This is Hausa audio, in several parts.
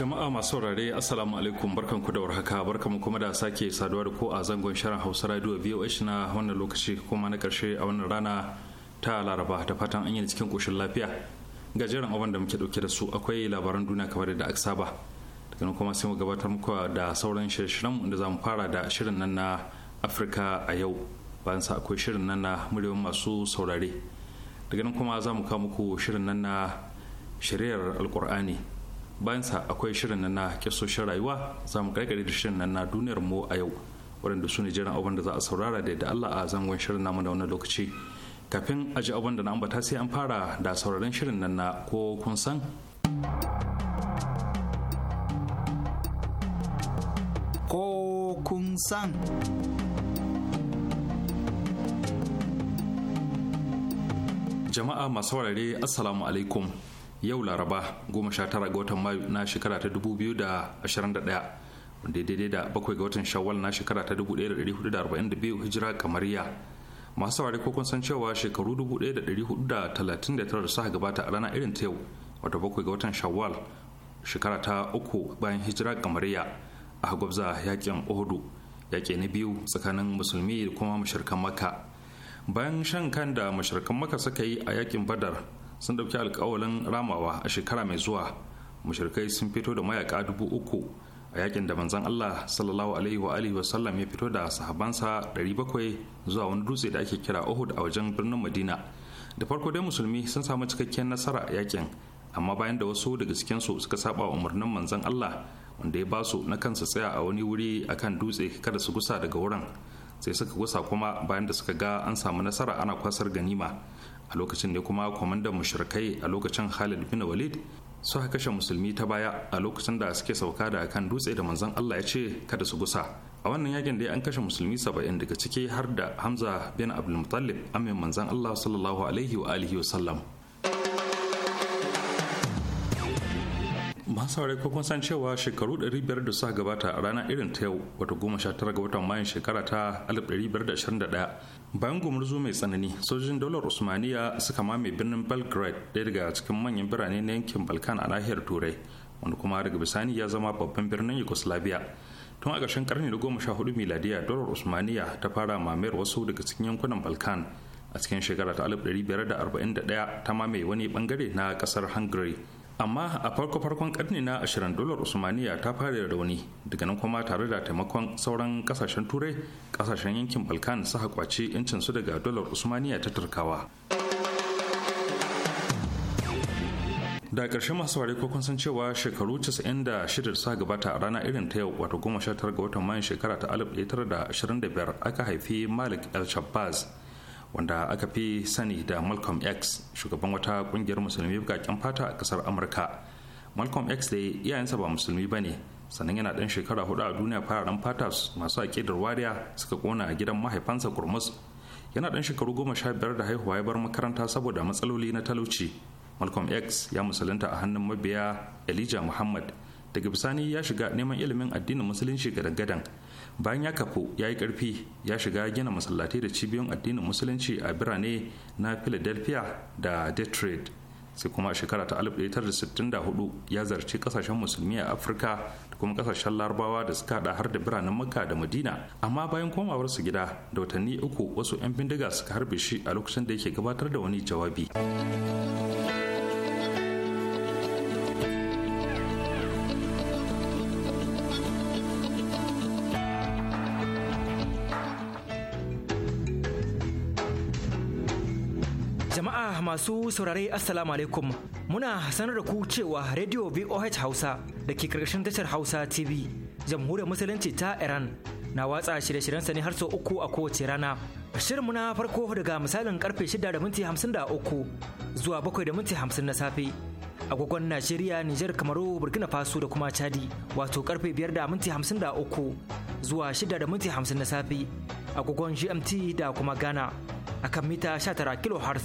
jama'a masu saurare assalamu alaikum barkan ku da warhaka barkan kuma da sake saduwa da ko a zangon shirin hausa radio voh na wannan lokaci kuma na karshe a wannan rana ta laraba da fatan an yi cikin koshin lafiya ga jerin abin da muke dauke da su akwai labaran duniya kamar da aka saba daga nan kuma sai mu gabatar muku da sauran shirye-shiryen mu da zamu fara da shirin nan na afirka a yau bayan sa akwai shirin nan na muryoyin masu saurare daga nan kuma za mu kawo muku shirin nan na shiriyar alkur'ani bayan sa akwai shirin na kyasoshin rayuwa za mu karkare da shirin nan na duniyar mu a yau waɗanda su ne jiran abin da za a saurara da yadda Allah a zangon shirin namu da wannan lokaci kafin a ji abin da na ambata sai an fara da sauraron shirin nan na ko kun san ko kun san jama'a masu warare assalamu alaikum yau laraba 19 ga watan mayu na shekara ta 2021 wanda daidai da bakwai ga watan shawwal na shekara ta 1442 hijira kamariya masu saurari ko kun san cewa shekaru 1439 suka gabata a rana irin ta yau wata bakwai ga watan shawwal shekara ta uku bayan hijira kamariya a gwabza yakin ohudu yaƙi na biyu tsakanin musulmi da kuma mashirkan maka bayan shan kan da mashirkan maka suka yi a yakin badar sun dauki alkawalin ramawa a shekara mai zuwa mushrikai sun fito da mayaka dubu uku a yakin da manzan Allah sallallahu alaihi wa alihi wa sallam ya fito da sahabansa 700 zuwa wani dutse da ake kira Uhud a wajen birnin Madina da farko dai musulmi sun samu cikakken nasara a yakin amma bayan da wasu daga cikin su suka saba wa umarnin manzan Allah wanda ya basu na kansa tsaya a wani wuri akan dutse kada su gusa daga wurin sai suka gusa kuma bayan da suka ga an samu nasara ana kwasar ganima a lokacin ne kuma kwamandan mushrikai a lokacin Khalid bin Walid suka kashe musulmi ta baya a lokacin da suke sauka da kan dutse da manzon Allah ya ce kada su gusa a wannan yakin dai an kashe musulmi saba'in daga ciki har da Hamza bin Abdul Muttalib amin manzon Allah sallallahu alaihi wa alihi wa sallam masu saurari ko kun san cewa shekaru 500 da suka gabata a ranar irin ta yau wato 19 ga watan mayan shekara ta 1521 bayan gumurzu mai tsanani sojojin dolar usmaniya suka mame birnin belgrade daya daga cikin manyan birane na yankin balkan a nahiyar turai wanda kuma daga bisani ya zama babban birnin yugoslavia tun a ƙarshen karni na goma sha hudu miladiya dolar usmaniya ta fara mamayar wasu daga cikin yankunan balkan a cikin shekara ta 1541 ta mamaye wani bangare na ƙasar hungary amma a farko farkon karni na 20 dolar usmaniya ta fara rauni daga nan kuma tare da taimakon sauran kasashen turai kasashen yankin balkan su kwace yancin su daga dolar usmaniya ta turkawa da ƙarshe masu ware ko kun san cewa shekaru 96 sa gabata a rana irin ta yau wato 19 ga watan mayan shekara ta 1925 aka haifi malik el shabbaz wanda aka fi sani da malcolm x shugaban wata kungiyar musulmi bukaken fata a kasar amurka malcolm x dai iyayensa ba musulmi ba ne sannan yana dan shekara hudu a duniya fararen fata masu aƙidar wariya suka kona a gidan mahaifansa kurmus yana dan shekaru goma sha biyar da haihuwa ya bar makaranta saboda matsaloli na talauci malcolm x ya musulunta a hannun mabiya elijah muhammad daga bisani ya shiga neman ilimin addinin musulunci gadan-gadan bayan ya kafu ya yi karfi ya shiga gina masallatai da cibiyoyin addinin musulunci a birane na philadelphia da detroit sai kuma a shekara ta 1964 ya zarci kasashen musulmi a afirka da kuma kasashen larabawa da suka hada har da biranen makka da madina amma bayan komawarsu gida da watanni uku wasu 'yan bindiga suka harbe shi a lokacin da yake gabatar da wani jawabi masu saurare Assalamu alaikum muna sanar da ku cewa Radio VOH Hausa da ke karkashin tashar Hausa TV jamhuriyar musulunci ta Iran na watsa shirye-shiryensa ne har sau uku a kowace rana. Shirin muna farko daga misalin karfe shida da minti hamsin da uku zuwa bakwai da minti hamsin na safe. agogon Najeriya, Nijar, Kamaru, Burkina Faso da kuma Chadi wato karfe 5 da minti 53 zuwa 6 da minti 50 na safe agogon GMT da kuma Ghana akan mita 19 kHz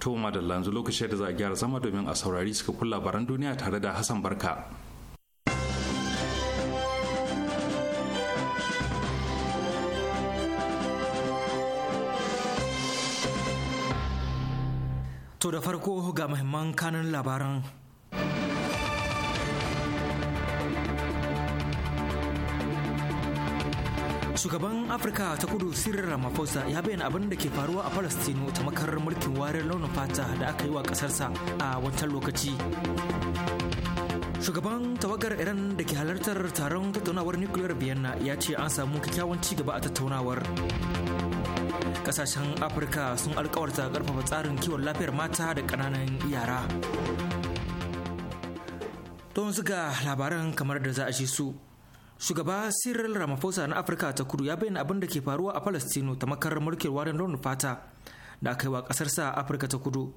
Toma da Lanzu lokacin da za a gyara zama domin a saurari suka kula labaran duniya tare da hassan barka to da farko ga muhimman kanun labaran shugaban afirka ta kudu Sirrin ramaphosa ya bayyana abin da ke faruwa a palestino ta makarar mulkin wariyar launin fata da aka yi wa kasarsa a wancan lokaci shugaban tawagar iran da ke halartar taron tattaunawar nuclear vienna ya ce an samu kyakkyawan gaba a tattaunawar kasashen afirka sun alkawarta karfafa tsarin kiwon lafiyar mata da kananan yara don ga labaran kamar da za a su shugaba cyril ramaphosa na afirka ta kudu ya bayyana abin da ke faruwa a palestino ta makarar mulkin warin launin fata da aka yi wa kasarsa afirka ta kudu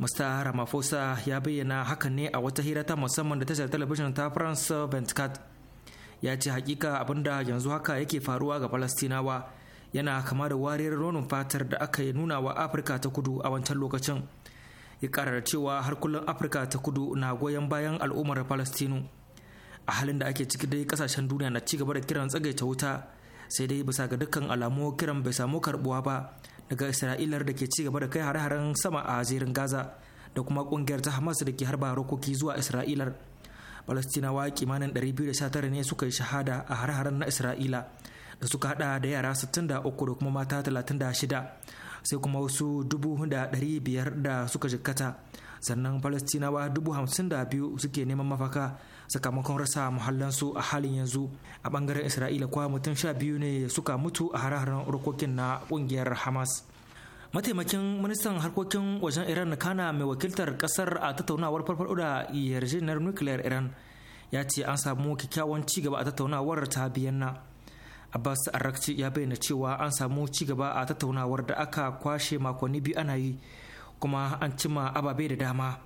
mr ramaphosa ya bayyana hakan ne a wata hira ta musamman da tashar talabijin ta france 24 ya ce hakika abin da yanzu haka yake faruwa ga palestinawa yana kama da wariyar launin fatar da aka yi nuna wa afirka ta kudu a wancan lokacin ya karar cewa har kullum afirka ta kudu na goyon bayan al'ummar palestinu a halin da ake ciki dai kasashen duniya na ci gaba da kiran tsagaita wuta sai dai bisa ga dukkan alamu kiran bai samu karbuwa ba daga isra'ilar da ke ci gaba da kai har haren sama a zirin gaza da kuma kungiyar ta hamas da ke harba rokoki zuwa isra'ilar palestinawa kimanin 219 ne suka yi shahada a har haren na isra'ila da suka hada da yara 63 da kuma mata 36 sai kuma wasu 500 da suka jikkata sannan palestinawa 52 suke neman mafaka sakamakon rasa muhallansu a halin yanzu a bangaren isra'ila kwa mutum sha biyu ne suka mutu a hare-haren rukokin na kungiyar hamas mataimakin ministan harkokin wajen iran kana mai wakiltar kasar a tattaunawar farfaɗo da yarjejeniyar nukiliyar iran ya ce an samu kyakkyawan cigaba a tattaunawar ta biyanna abbas arakci ya bayyana cewa an samu cigaba a tattaunawar da aka kwashe makonni biyu ana yi kuma an cima ababe da dama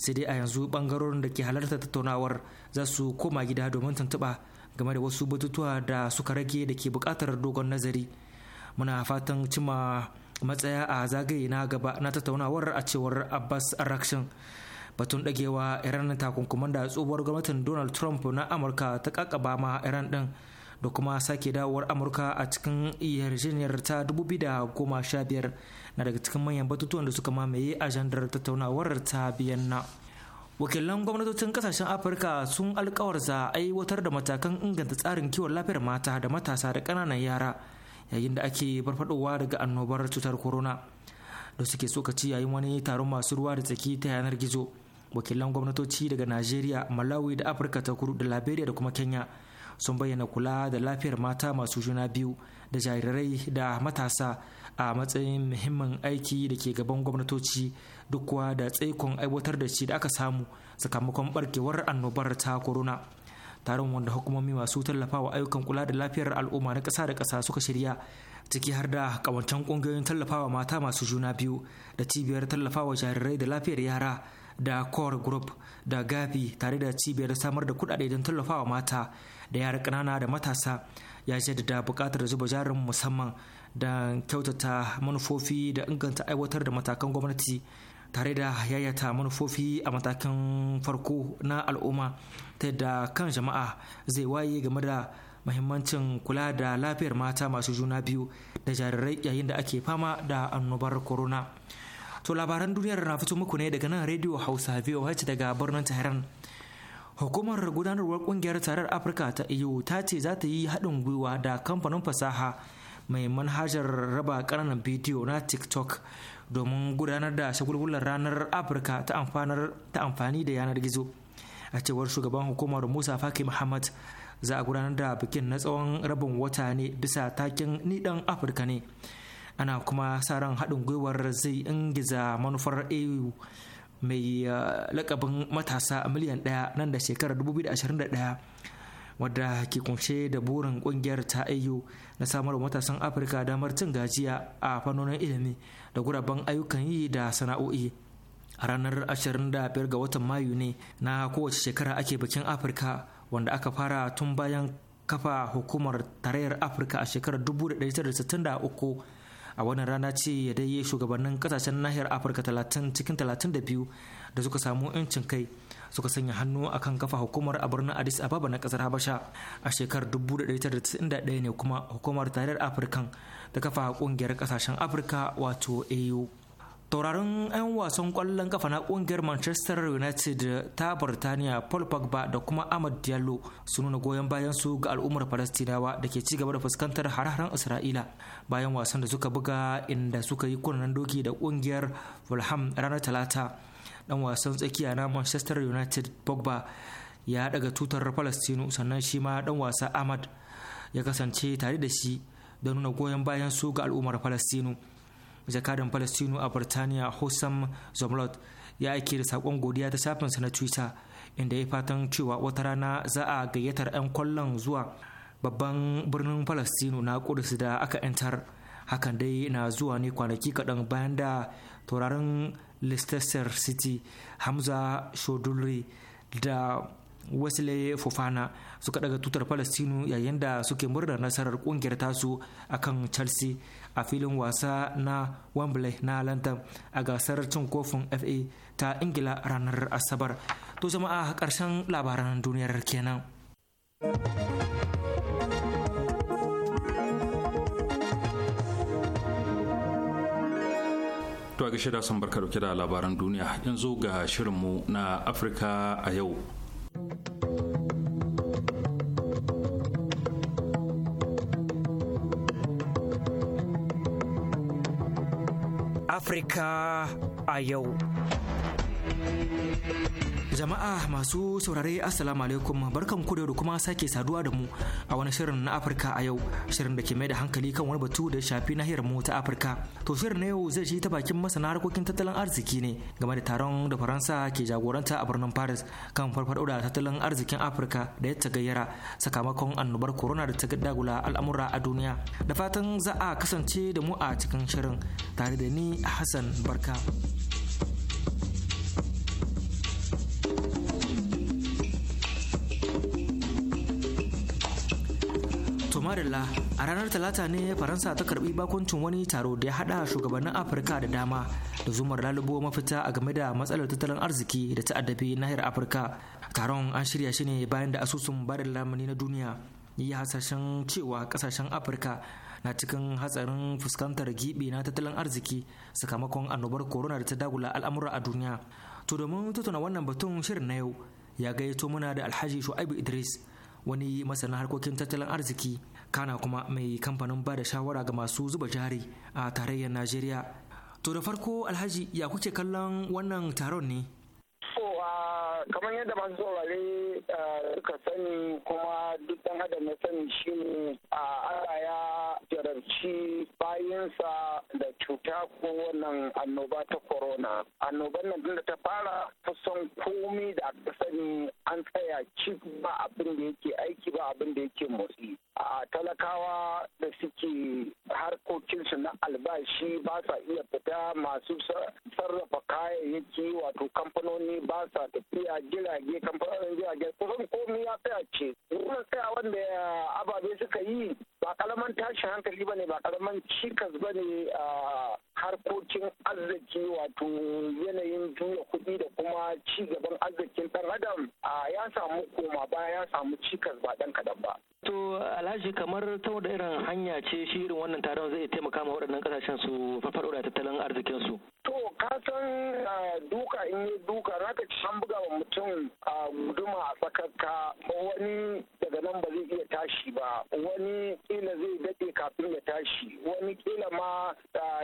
sai dai a yanzu bangarorin da ke halarta tattaunawar za su koma gida domin tuntuɓa game da wasu batutuwa da suka rage da ke buƙatar dogon nazari muna fatan cima matsaya a zagaye na gaba na tattaunawar a cewar abbas arakshin batun dagewa iran takunkuman da tsohuwar gwamnatin donald trump na amurka ta kakaba ma iran din da kuma sake dawowar amurka a cikin yarjejeniyar ta goma sha biyar na daga cikin manyan batutuwan da suka mamaye ajandar tattaunawar ta biyan na. wakilan gwamnatocin kasashen afirka sun alkawarza aiwatar da matakan inganta tsarin kiwon lafiyar mata da matasa da kananan yara yayin da ake farfadowa daga annobar cutar corona da suke sokaci yayin wani taron masu ruwa da tsaki ta yanar gizo wakilan gwamnatoci daga najeriya malawi da afirka ta kudu da liberia da kuma kenya sun bayyana kula da lafiyar mata masu juna biyu da jarirai da matasa a matsayin muhimmin aiki da ke gaban gwamnatoci duk kuwa da tsaikon aiwatar da shi da aka samu sakamakon barkewar annobar ta corona taron wanda hukumomi masu tallafawa ayyukan kula da lafiyar al'umma na ƙasa da ƙasa suka shirya ciki har da ƙawancen ƙungiyoyin tallafawa mata masu juna biyu da cibiyar tallafawa jarirai da lafiyar yara da core group da gavi tare da cibiyar samar da kuɗaɗe don tallafawa mata da yara ƙanana da matasa ya jaddada buƙatar zuba jarin musamman da kyautata manufofi da inganta aiwatar da matakan gwamnati tare da yayata manufofi a matakan farko na al'umma ta yadda kan jama'a zai waye game da mahimmancin kula da lafiyar mata masu juna biyu da jarirai yayin da ake fama da annobar corona to labaran duniyar na fito muku ne daga nan rediyo hausa voh daga birnin tehran Hukumar gudanarwar kungiyar tarar Afirka ta EU ta ce za ta yi haɗin gwiwa da kamfanin fasaha mai manhajar raba ƙananan bidiyo na TikTok domin gudanar da shagulgular ranar Afirka ta amfani da yanar gizo. A cewar shugaban hukumar Musa Faki Muhammad za a gudanar da bikin na tsawon rabin wata ne bisa takin ni ɗan Afirka ne. Ana kuma sa ran haɗin gwiwar zai ingiza manufar au. E mai eh, lakabin matasa miliyan daya nan da shekarar 2021 wadda ke kunshe da burin kungiyar ta au na samar wa matasan afirka damar cin gajiya a fannonin ilimi da guraben ayyukan yi da sana'o'i a ranar 25 ga watan mayu ne na kowace shekara ake bikin afirka wanda aka fara tun bayan kafa hukumar tarayyar afirka a shekarar a wannan rana ce ya dai shugabannin kasashen nahiyar afirka 30 cikin 32 da biyu da suka samu 'yancin kai suka sanya hannu akan kafa hukumar a birnin addis ababa na kasar habasha a shekarar 1991 ne kuma hukumar tarayyar afirkan da kafa ƙungiyar kasashen afirka wato au taurarin 'yan wasan kwallon kafa na kungiyar manchester united ta burtaniya paul pogba da kuma ahmad diallo su nuna goyon bayan su ga al'ummar falastinawa da ke ci gaba da fuskantar har-haren isra'ila bayan wasan da suka buga inda suka yi kunnan doki da kungiyar fulham ranar talata dan wasan tsakiya na manchester united pogba ya daga tutar falastinu sannan shi ma dan wasa ahmad ya kasance tare da shi da nuna goyon bayan su ga al'ummar falastinu jakadan palestino a birtaniya hossam zomlot ya aike da sakon godiya ta shafinsa na twitter inda ya fatan cewa wata rana za a gayyatar 'yan kwallon zuwa babban birnin palestino na kudus da aka 'yantar hakan dai na zuwa ne kwanaki kaɗan bayan da tauraron leicester city hamza shodulri da wesley fofana suka daga tutar palestino yayin da suke murnar nasarar kungiyar tasu a kan chelsea a filin wasa na wembley na london a gasar cin kofin fa ta ingila ranar asabar to jama'a karshen labaran duniyar kenan To a gashi da son barka da labaran duniya yanzu ga shirinmu na Afirka a yau. Afirka a yau. Jama'a masu saurare Assalamu alaikum barkan ku da kuma sake saduwa da mu a wani shirin na Afirka a yau shirin da ke mai da hankali kan wani batu da shafi nahiyar mu ta Afirka. To shirin na yau zai shi ta bakin masana harkokin tattalin arziki ne game da taron da Faransa ke jagoranta a birnin Paris kan farfaɗo da tattalin arzikin Afirka da ya tagayyara sakamakon annobar corona da ta dagula al'amura a duniya. Da fatan za a kasance da mu a cikin shirin tare da ni Hassan Barka. Marilla a ranar Talata ne Faransa ta karbi bakuncin wani taro da ya hada shugabannin Afirka da dama da zumar lalubo mafita a game da matsalar tattalin arziki da ta'addabi nahiyar Afirka. Taron an shirya shi ne bayan da asusun barin lamuni na duniya yi hasashen cewa kasashen Afirka na cikin hatsarin fuskantar gibi na tattalin arziki sakamakon annobar corona da ta dagula al'amura a duniya. To domin tattauna wannan batun shirin na yau ya gayyato muna da Alhaji Shu'aibu Idris wani masana harkokin tattalin arziki kana kuma mai kamfanin ba da shawara ga masu zuba jari a tarayyar najeriya to da farko alhaji ya kuke kallon wannan taron ne ah, kamar yadda masu saurare suka sani kuma duk ɗan adam ya sani shine a ana ya jarabci bayansa da cuta ko wannan annoba ta corona annobar nan tun da ta fara kusan komi da aka sani an tsaya ci ba abin da yake aiki ba abin da yake motsi a talakawa da suke harkokinsu na albashi ba sa iya fita masu sarrafa kayayyaki wato kamfanoni ba sa tafiya jirage kamfanonin jirage kusan komi ya a ce. Nuna tsaya wanda ababe suka yi ba kalaman tashin hankali ba ne ba kalaman cikas ba ne a harkokin arziki wato yanayin juya kuɗi da kuma cigaban arzikin ɗan adam ya samu koma ba ya samu cikas ba dan kaɗan ba. to alhaji kamar ta wani irin hanya ce shi irin wannan taron zai taimaka ma waɗannan ƙasashen su farfaɗo da tattalin arzikin su. to ka san duka in yi duka na ka ci an buga wa mutum a guduma a tsakaka wani daga nan ba zai iya tashi ba wani kila zai daɗe kafin ya tashi wani kila ma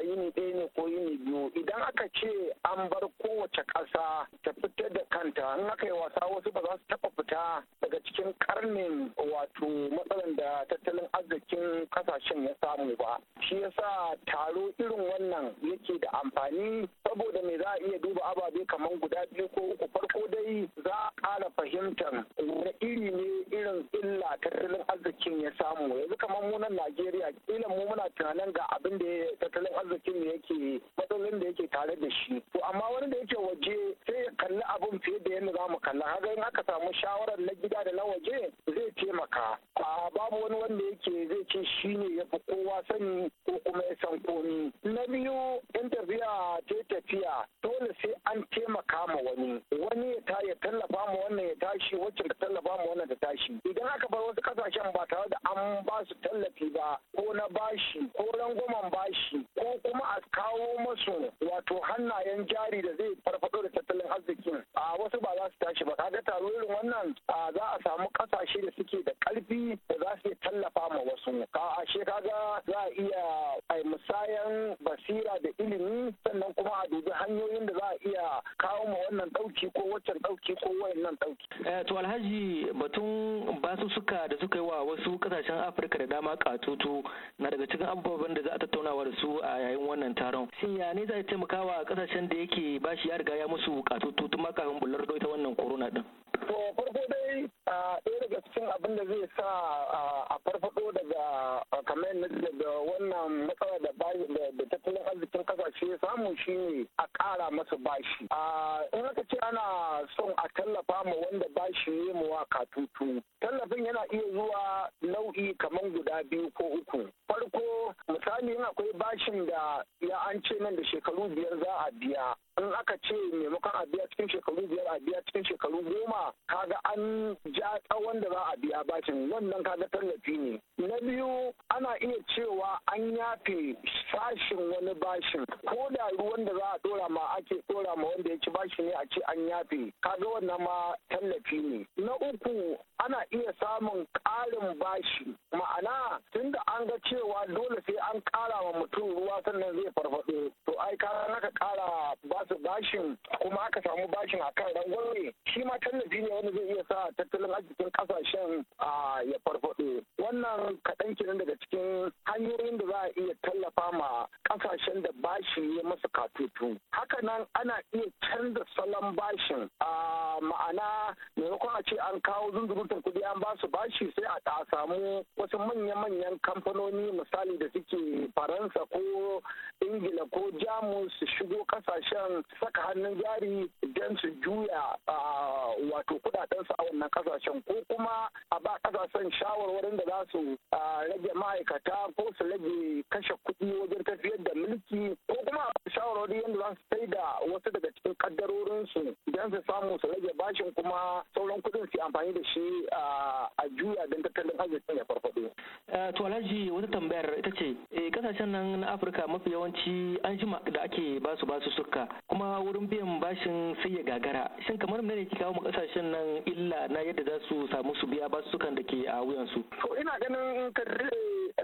yini ɗaya ne ko yini biyu idan aka ce an bar kowace ƙasa ta fitar da kanta in aka yi wasa wasu ba za su taɓa fita daga cikin karnin wato matsalan da tattalin arzikin ƙasashen ya samu ba shi yasa taro irin wannan yake da amfani saboda me za a iya duba ababe kamar guda biyu ko uku farko dai za a ƙara fahimtar wani iri ne irin illa tattalin arzikin ya samu yanzu kamar zaman mu nan Najeriya kila mu muna tunanin ga abin da tattalin arzikin da yake matsalolin da yake tare da shi to amma wani da yake waje sai ya kalli abin fiye da yadda zamu kalla haka in aka samu shawarar na gida da na waje zai taimaka a babu wani wanda yake zai ce shi ne ya fi kowa sani ko kuma ya san komi na biyu in tafiya ta tafiya dole sai an taimaka ma wani wani ya ta ya tallafa ma wannan ya tashi wacce ta tallafa ma wannan ta tashi idan aka bar wasu kasashen ba tare da an ba su tallafi ba ko na bashi ko rangwamen bashi ko kuma a kawo masu wato hannayen jari da zai farfado da tattalin arzikin a wasu ba za su tashi ba kaga taro irin wannan a za a samu kasashe da suke da karfi da za su tallafa ma wasu ka she kaga za a iya ai musayan basira da ilimi sannan kuma a dubi hanyoyin da za a iya kawo ma wannan dauki ko waccan dauki ko wayannan dauki eh, to alhaji batun basu suka da suka yi wa wasu kasashen afirka da dama katutu na daga cikin abubuwan da za a tattaunawa da su a yayin wannan taron shin ya ne za a taimakawa kasashen da yake bashi ya riga ya musu katutu tun makafin ita wannan corona din To farko dai ɗaya daga cikin abin da zai sa a farfado daga kamar da wannan matsala da da tattalin arzikin kasashe samu shi ne a ƙara masa bashi. In aka ce ana son a tallafa ma wanda bashi ne mu wa katutu. Tallafin yana iya zuwa nau'i kamar guda biyu ko uku. Farko misali in akwai bashin da ya an ce nan da shekaru biyar za a biya. In aka ce maimakon a biya cikin shekaru biyar a biya cikin shekaru goma kaga an ja tsawon da za a biya bashin wannan kaga tallafi ne na biyu ana iya cewa an yafe sashin wani bashin ko da ruwan da za a dora ma ake dora ma wanda ya ci bashi ne a ce an yafe kaga wannan ma tallafi ne na uku ana iya samun ƙarin bashi ma'ana tunda an ga cewa dole sai an ƙara wa mutum ruwa sannan zai farfaɗo to ai ka kara ƙara bashin kuma aka samu bashin a kan rangwame shi ma tallafi ne wanda zai iya sa tattalin arzikin kasashen ya farfaɗo wannan kaɗan kenan daga cikin hanyoyin da za a iya tallafa ma kasashen da bashi ya masa katutu haka nan ana iya canza salon bashin a ma'ana maimakon a ce an kawo zunzurutun kuɗi an ba su bashi sai a samu wasu manya-manyan kamfanoni misali da suke faransa ko ingila ko jamus su shigo kasashen saka hannun jari don su juya wato kudaden su a wannan kasashen ko kuma a ba kasashen shawarwarin da za su rage ma'aikata ko su rage kashe kuɗi wajen tafiyar da mulki ko kuma a yadda za su sai da wasu daga cikin ƙaddarorinsu don su samu su rage bashin kuma sauran kuɗin su amfani da shi a juya don tattalin arzikin ya farfa Eh, to alhaji wata tambayar ita ce eh, kasashen nan na afirka mafi yawanci an jima da ake basu basu suka kuma wurin biyan bashin sai ya gagara shin kamar mene ke kawo kasashen nan illa na yadda za su samu su biya basu sukan da ke a wuyansu. to ina ganin kare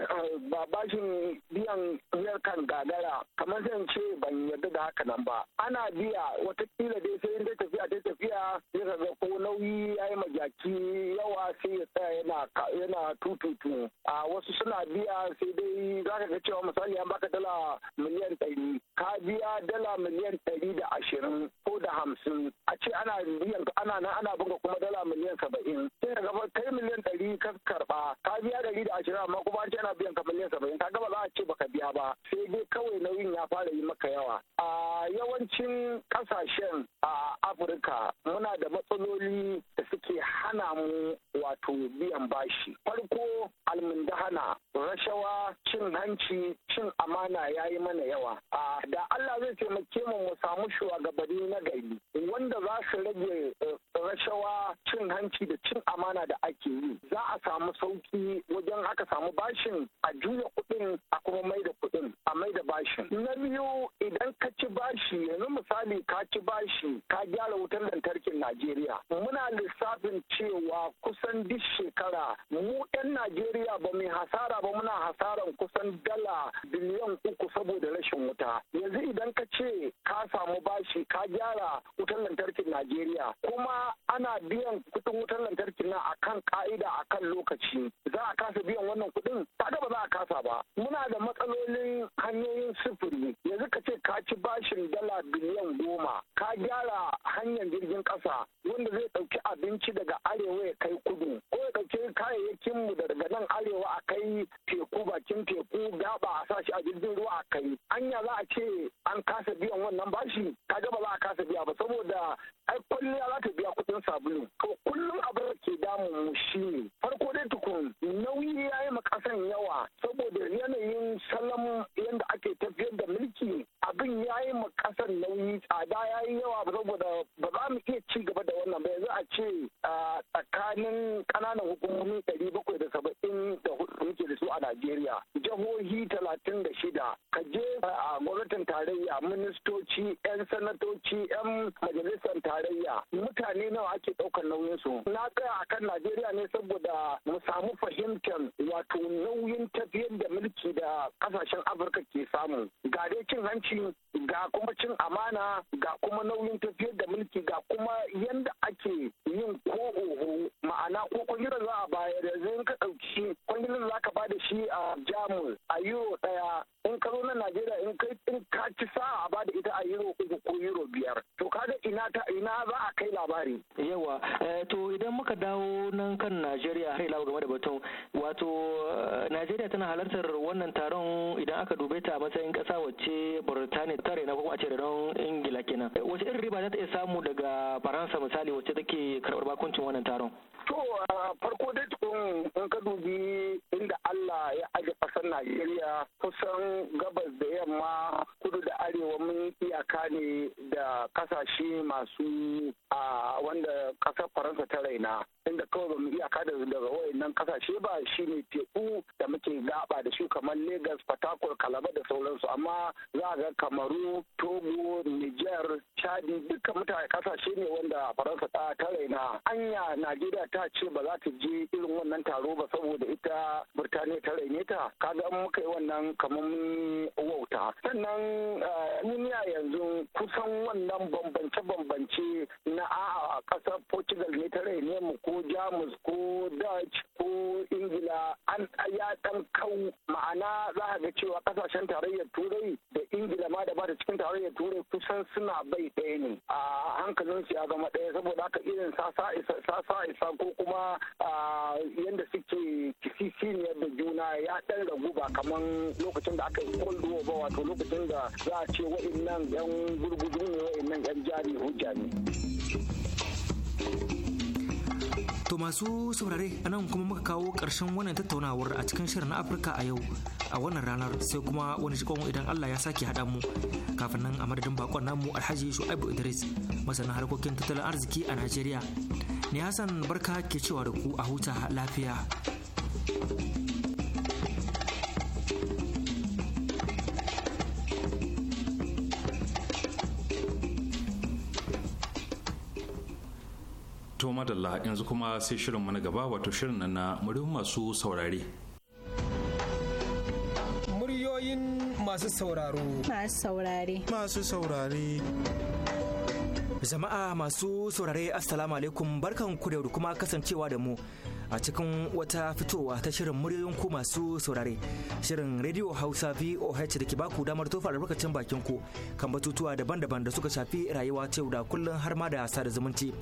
eh, ba bashin biyan biyar kan gagara kamar zan ce ban yarda da haka nan ba ana biya watakila dai sai dai tafiya dai tafiya ya ga ko nauyi ya yi majaki yawa sai ya tsaya yana tututu a wasu suna biya sai dai za ka ga cewa misali an baka dala miliyan ɗari ka biya dala miliyan ɗari da ashirin ko da hamsin a ce ana biyan ana nan ana bunka kuma dala miliyan saba'in sai gaba kai miliyan ɗari ka karɓa ka biya ɗari da ashirin amma kuma an ce ana biyan ka miliyan saba'in ka gaba za a ce baka biya ba sai dai kawai nauyin ya fara yi maka yawa a yawancin ƙasashen a afirka muna da matsaloli da suke hana mu wato biyan bashi farko almunda ta hana rashawa cin hanci cin amana ya yi mana yawa a da allah zai taimake mu mu samu shugabanni na gari wanda za su rage eh, rashawa cin hanci da cin amana da ake yi za a samu sauki wajen aka samu bashin a juya kuɗin a kuma mai da kuɗin a mai da bashin na biyu idan ka ci bashi yanzu misali ka ci bashi ka gyara wutar lantarkin najeriya muna lissafin cewa kusan duk shekara mu 'yan najeriya ba mu mai hasara ba muna hasaran kusan dala biliyan uku saboda rashin wuta yanzu idan ka ce ka samu bashi ka gyara wutar lantarkin najeriya kuma ana biyan kudin wutar lantarkin nan akan ka'ida akan lokaci za a kasa biyan wannan kudin kaga ba za a kasa ba muna da matsalolin hanyoyin sufuri yanzu ka ce ka ci bashin dala biliyan goma ka gyara hanyar jirgin kasa wanda zai ɗauki abinci daga arewa ya kai kudu ko ya dauki kayayyakin mu daga nan arewa a kai teku bakin teku gaba a sashi a jirgin ruwa a kai anya za a ce an kasa biyan wannan bashi ka ba za a kasa biya ba saboda ai kwalliya za ta biya kuɗin sabulu to kullum abin da ke damun mu shine farko dai tukun nauyi ya yi makasan yawa saboda yanayin salon yanda ake tafiyar da mulki abin ya yi makasan nauyi tsada ya yi yawa saboda ba za mu iya ci gaba da wannan ba yanzu a ce ah, tsakanin ƙananan hukumomi ɗari bakwai da muke da su a Najeriya. Jihohi talatin da shida, ka je a gwamnatin tarayya ministoci, 'yan sanatoci, 'yan majalisar tarayya, mutane nawa ake ɗaukar nauyinsu. Na tsaya a kan Najeriya ne saboda mu samu fahimtar wato nauyin tafiyar da mulki da ƙasashen Afirka ke samu. Ga dai cin hanci ga kuma cin amana ga kuma nauyin tafiyar da mulki ga kuma yadda ake yin ko oho ma'ana ko kwangilar za a bayar yanzu in ka ɗauki kwangilar za ka ba da shi a jamus a euro ɗaya in ka zo na najeriya in ka in ka ci sa'a a ba da ita a euro uku ko euro biyar to ga ina ta ina za a kai labari. yawa eh, to idan muka dawo nan kan najeriya har ila game da batun wato eh, najeriya tana halartar wannan taron idan aka dube ta a matsayin ƙasa wacce burtaniya tare na ko a ce da don ingila kenan wace irin riba za ta iya samu daga faransa misali wacce take karɓar bakuncin wannan taron To farko dai tukun in ka dubi inda Allah ya aje kasar Najeriya kusan gabas da yamma kudu da arewa mun iyaka ne da kasashe masu a wanda ƙasar Faransa ta raina. Inda kawai ba mu iyaka da daga wayannan kasashe ba shine teku da muke gaba da shi kamar Legas, Fatakwal, Kalaba da sauransu amma za ga Kamaru, Togo, Niger, Chadi duka mutane kasashe ne wanda Faransa ta raina. Anya Najeriya ta ce ba za ta je irin wannan taro ba saboda ita Birtaniya ta raine ta kaga an muka yi wannan kamar wauta sannan duniya eh, yanzu kusan wannan bambance-bambance na a ƙasar Portugal ne ta raine mu ko Jamus ko Dutch ko Ingila an ya dan kau ma'ana za ga cewa kasashen tarayyar Turai da Ingila ma da bata cikin tarayyar Turai kusan suna bai ɗaya ne a hankalin su ya zama ɗaya saboda ka irin sasa isa ko kuma yadda suke kisisiniyar da juna ya ɗan ragu ba kamar lokacin da aka yi kwallo ba wato lokacin da za a ce wa'innan 'yan gurgudu ne wa'innan 'yan jari hujja ne. To masu saurare anan kuma muka kawo ƙarshen wannan tattaunawar a cikin shirin na Afirka a yau a wannan ranar sai kuma wani shi idan Allah ya sake haɗa mu kafin nan a madadin bakon namu Alhaji Shu'aibu Idris masanin harkokin tattalin arziki a Najeriya Ni Hassan barka ke cewa da ku a huta lafiya. To madalla yanzu kuma sai shirinmu na gaba wato shirin na murin masu saurare. Muryoyin masu sauraro. Masu saurare. Masu saurare. Jama'a masu saurare Assalamu alaikum barkan ku da kuma kasancewa da mu a cikin wata fitowa ta shirin muryoyin ku masu saurare shirin Radio Hausa VOH da ke baku damar tofa albarkacin bakin ku kan batutuwa daban-daban da suka shafi rayuwa ta yau da kullum har ma da sada zumunci.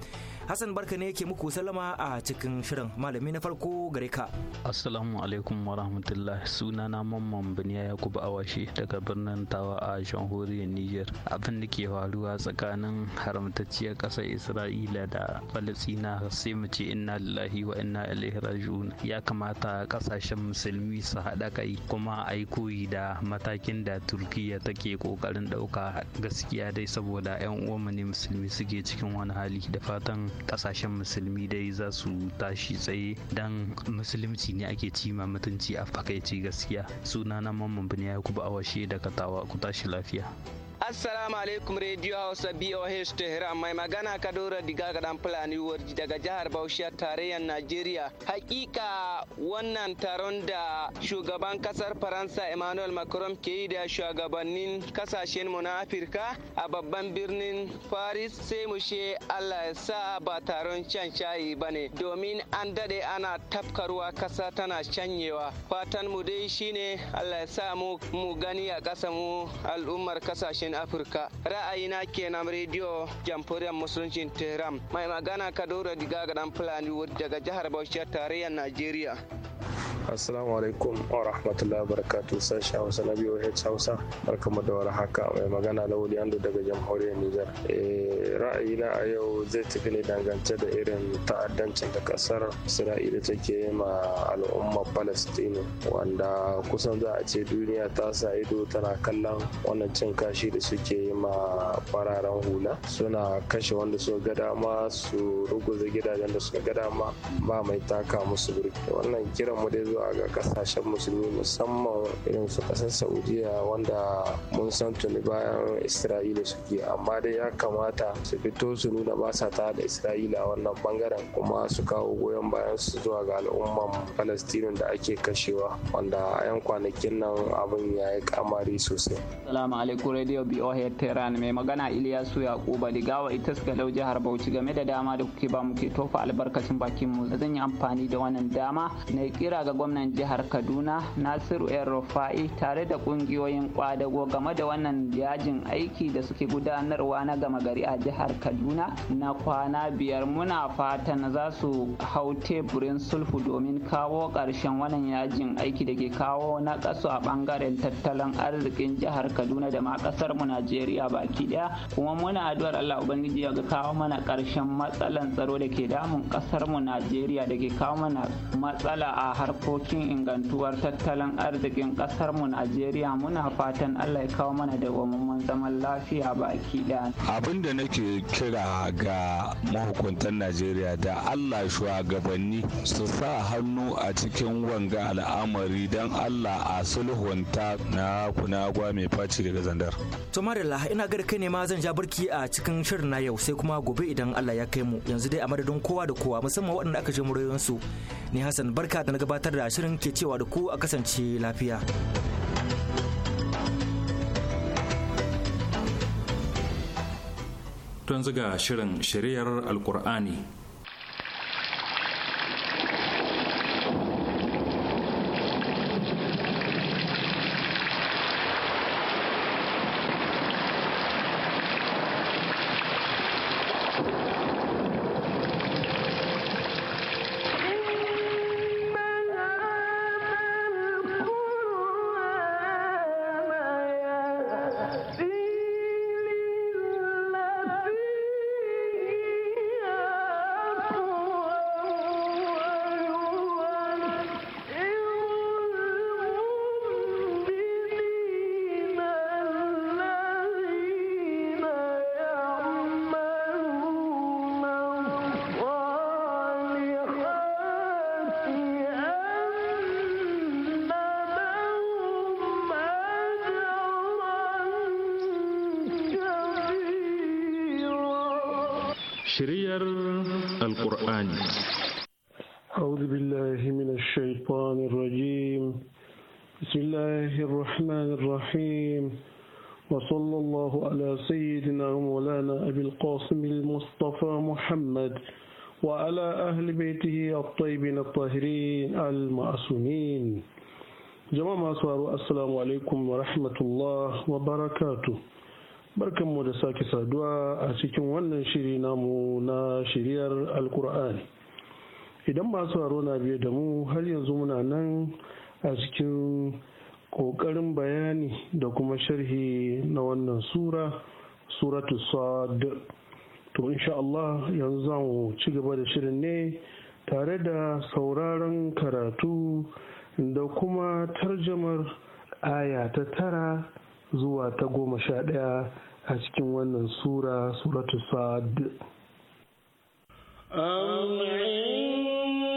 Hassan barka ne ke muku sallama a cikin shirin malami na farko gare ka. Assalamu alaikum wa rahmatullah sunana Mamman Biniya kuba Awashi daga birnin Tawa a jamhuriyar Niger abin da ke faruwa tsakanin haram haramtacciyar ƙasar isra'ila da falasina sai mu ce inna lillahi wa inna ilaihi raji'un ya kamata ƙasashen musulmi su haɗa kai kuma a yi koyi da matakin da turkiya take ƙoƙarin ɗauka gaskiya dai saboda 'yan uwanmu ne musulmi suke cikin wani hali da fatan ƙasashen musulmi dai za su tashi tsaye dan musulunci ne ake ma mutunci a fakaici gaskiya sunana mamman bin yakubu awashe daga tawa ku tashi lafiya Assalamu alaikum Radio Hausa BOH Tehran mai magana Kadora Diga ga dan Fulani Warji daga jihar Bauchi tarayyar Najeriya. Hakika wannan taron da shugaban kasar Faransa Emmanuel Macron ke yi da shugabannin kasashen mu na Afirka a babban birnin Paris sai mu she Allah ya sa ba taron can shayi bane domin an dade ana tafkarwa kasa tana canyewa. Fatan mu dai shine Allah ya sa mu gani a ƙasa mu al'ummar kasashen mutanen afirka ra'ayina kenan rediyo jamhuriyar musuluncin tehran mai magana kadura diga ga dan fulani daga jihar bauchi tarayyar najeriya assalamu alaikum wa rahmatullahi barakatu sashi hausa na biyu hausa barkamu da warhaka mai magana da wuli daga jamhuriyar nijar eh, ra'ayina a yau zai tafi ne dangance da irin ta'addancin da kasar isra'ila take yi ma al'ummar palestine wanda kusan za a ce duniya ta sa ido tana kallon wannan cin kashi da suke yi ma fararen hula suna kashe wanda suka ga dama su ruguza gidajen da suka ga dama ba mai taka musu birki wannan kiran mu dai zuwa zuwa ga kasashen musulmi musamman irin su kasar saudiya wanda mun san tuni bayan isra'ila suke amma dai ya kamata su fito su nuna ba sa ta da isra'ila a wannan bangaren kuma su kawo goyon bayan su zuwa ga al'umman palestinin da ake kashewa wanda a yan kwanakin nan abin ya yi kamari sosai salamu alaikum radio boh tehran mai magana iliyasu yakuba digawa ita suka dau jihar bauchi game da dama da kuke ba mu tofa albarkacin bakin mu zan yi amfani da wannan dama na kira ga gwamnan jihar kaduna nasiru el rufa'i tare da kungiyoyin kwadago game da wannan yajin aiki da suke gudanarwa na gama gari a jihar kaduna na kwana biyar muna fatan za su hau teburin sulhu domin kawo karshen wannan yajin aiki da ke kawo na kasu a bangaren tattalin arzikin jihar kaduna da ma kasar mu najeriya baki daya kuma muna addu'ar allah ubangiji ya kawo mana ƙarshen matsalan tsaro da ke damun kasar mu najeriya da ke kawo mana matsala a harkokin harkokin ingantuwar tattalin arzikin kasar mu Najeriya muna fatan Allah ya kawo mana da gwamnatin zaman lafiya baki ɗaya. Abin da nake kira ga mahukuntan Najeriya da Allah shugabanni su sa hannu a cikin wanga al'amari don Allah a sulhunta na kunagwa mai faci daga zandar. To Marilla ina gada kai ne ma zan ja barki a cikin shirin na yau sai kuma gobe idan Allah ya kai mu yanzu dai a madadin kowa da kowa musamman waɗanda aka je murayensu ni Hassan barka da na gabatar da da shirin ke cewa da ku a kasance lafiya. Don ziga shirin shiriyar Alkur'ani الرجيم بسم الله الرحمن الرحيم وصلى الله على سيدنا مولانا أبي القاسم المصطفى محمد وعلى أهل بيته الطيبين الطاهرين المعصومين jama'a masu waro assalamu alaikum wa rahmatullah wa barakatu da sake saduwa a cikin wannan shiri namu na shiriyar alkur'ani idan masu haro na biyu da mu har yanzu muna nan a cikin ƙoƙarin bayani da kuma sharhi na wannan sura suratu sad to insha Allah yanzu za mu ci gaba da shirin ne tare da sauraron karatu da kuma tarjamar aya ta tara zuwa ta goma sha ɗaya a cikin wannan sura suratu sad أم عند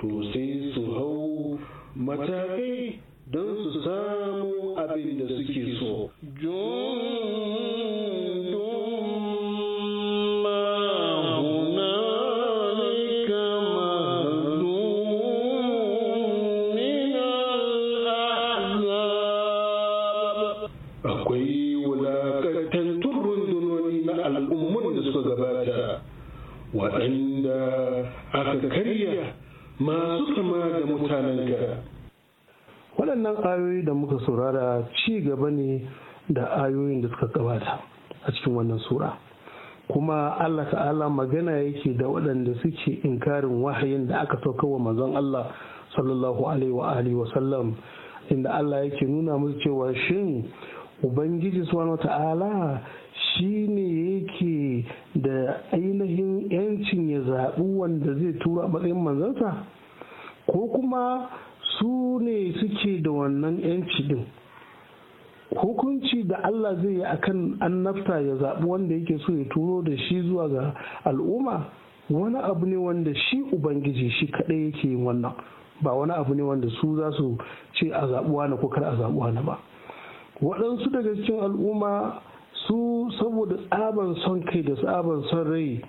to sai su hau matakai don su samu abin da suke so gabata a cikin wannan sura kuma Allah ta'ala magana yake da waɗanda suke inkarin wahayin da aka sauka wa manzon Allah sallallahu alaihi wa sallam inda Allah yake nuna musu cewa shin ubangiji subhanahu ta'ala shi shine yake da ainihin yancin ya zaɓi wanda zai tura matsayin manzansa ko kuma su ne suke da wannan yanci din hukunci da Allah zai yi akan annabta ya zaɓi wanda yake so ya turo da shi zuwa ga al'umma wani abu ne wanda shi ubangiji shi kaɗai yake yin wannan ba wani abu ne wanda su za su ce a zaɓuwa na ko kar a zaɓuwa na ba waɗansu daga cikin al'umma su saboda tsaban son kai da tsaban son rai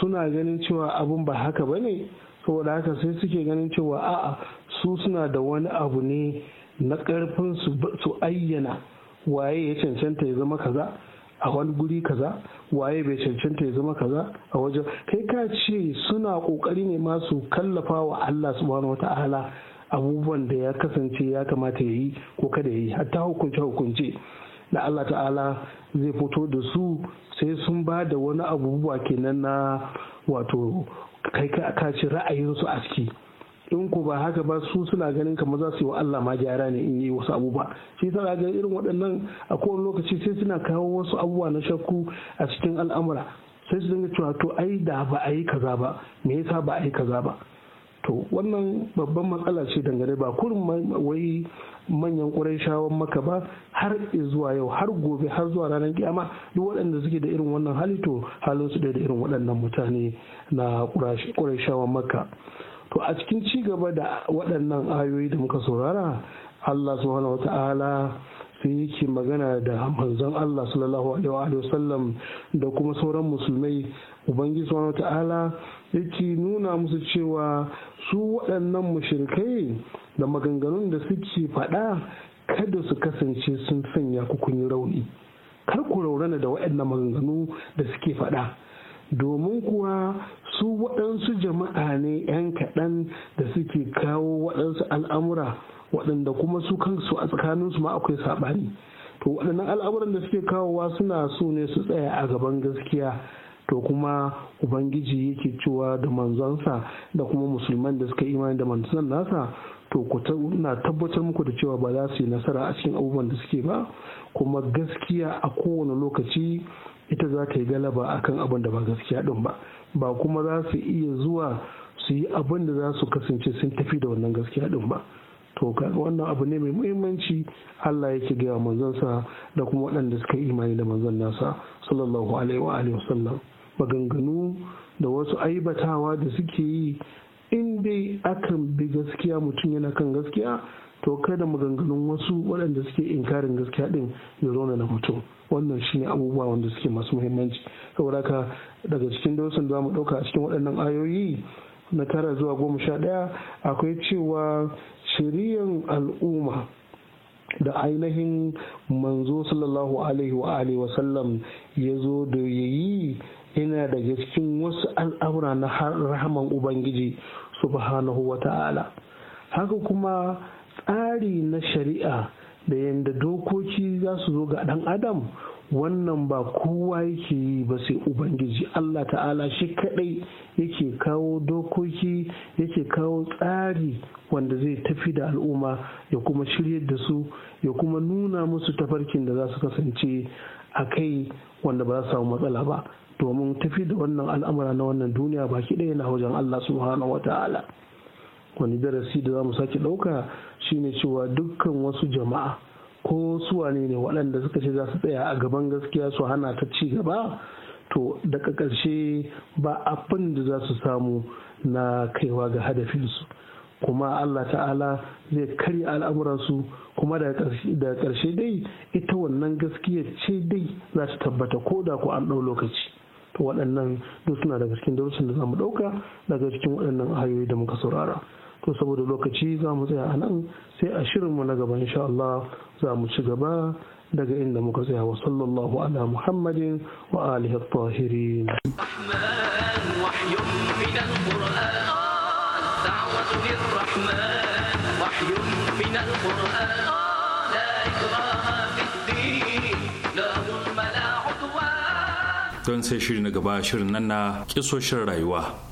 suna ganin cewa abin ba haka ba ne saboda haka sai suke ganin cewa a'a su suna da wani abu ne na ƙarfin su ayyana waye ya cancanta ya zama kaza a wani guri kaza waye bai cancanta ya zama kaza a wajen kai ka ce suna kokari ne masu kallafa wa Allah subhanahu wata'ala abubuwan da ya kasance ya kamata ya yi ko kada ya yi hatta hukunce hukunce da Allah ta'ala zai fito da su sai sun ba da wani abubuwa kenan na wato kai ka ci ra'ayinsu a ciki in ku ba haka ba su suna ganin kamar za su yi wa Allah ma gyara ne in yi wasu abubuwa shi yasa ga irin waɗannan a kowane lokaci sai suna kawo wasu abubuwa na shakku a cikin al'amura sai su dinga cewa to ai da ba a yi kaza ba me yasa ba a yi kaza ba to wannan babban matsala ce dangane ba kurin wai manyan shawon maka ba har zuwa yau har gobe har zuwa ranar kiyama duk waɗanda suke da irin wannan hali to halin su da irin waɗannan mutane na shawon maka to a cikin ci gaba da waɗannan ayoyi da muka saurara Allah subhanahu wata'ala sai yake magana da manzon Allah sallallahu alaihi wa sallam da kuma sauran musulmai ubangiji subhanahu wata'ala yake nuna musu cewa su waɗannan mushrikai da maganganun da suke faɗa kada su kasance sun sanya ku kun yi rauni kar ku raurana da waɗannan maganganu da suke faɗa domin kuwa su waɗansu jama'a ne 'yan kaɗan da suke kawo waɗansu al'amura waɗanda kuma su kansu a tsakaninsu ma akwai saɓani to waɗannan al'amuran da suke kawowa suna so ne su tsaya a gaban gaskiya to kuma ubangiji yake cewa da manzansa da kuma musulman da suka imani da manzan nasa to ku na tabbatar muku da cewa ba za su yi nasara a cikin abubuwan da suke ba kuma gaskiya a kowane lokaci ita za ta yi galaba akan abin da ba gaskiya din ba ba kuma za su iya zuwa su yi abin da za su kasance sun tafi da wannan gaskiya din ba to wannan abu ne mai muhimmanci Allah yake gaya manzansa da kuma waɗanda suka imani da manzon nasa sallallahu alaihi wa alihi wasallam maganganu da wasu aibatawa da suke yi in dai akan bi gaskiya mutum yana kan gaskiya to kada maganganun wasu waɗanda suke inkarin gaskiya ɗin ya zauna na mutum wannan shine abubuwa wanda suke masu muhimmanci saboda ka daga cikin dosin za mu ɗauka a cikin waɗannan ayoyi na tara zuwa goma sha ɗaya akwai cewa shiriyan al'umma da ainihin manzo sallallahu alaihi wa alihi wa sallam ya zo da yayi yana daga cikin wasu al'amura na rahaman ubangiji subhanahu wa ta'ala haka kuma tsari na shari'a da yadda dokoki za su zo ga ɗan adam wannan ba kowa yake yi ba sai ubangiji allah ta'ala shi kaɗai yake kawo dokoki yake kawo tsari wanda zai tafi da al'umma ya kuma shiryar da su ya kuma nuna musu tafarkin da za su kasance a kai wanda ba za su samu matsala ba domin tafi da wannan al'amura na wannan duniya baki ɗaya na wajen allah subhanahu wa ta'ala wani darasi da za mu sake ɗauka shine cewa dukkan wasu jama'a ko su wane ne waɗanda suka ce za su tsaya a gaban gaskiya su hana ta ci gaba to daga ƙarshe ba abin da za su samu na kaiwa ga hadafinsu kuma Allah ta'ala zai karya al'amuransu kuma da ƙarshe dai ita wannan gaskiya ce dai za ta tabbata ko da ko an ɗau lokaci to waɗannan duk suna daga cikin darussan da za mu ɗauka daga cikin waɗannan ayoyi da muka saurara. to saboda lokaci za mu tsaya a nan sai a shirinmu na gaba insha Allah za mu ci gaba daga inda muka tsaya wa sallallahu ala muhammadin wa alihi tahirin don sai shiri na gaba shirin nan na shirin rayuwa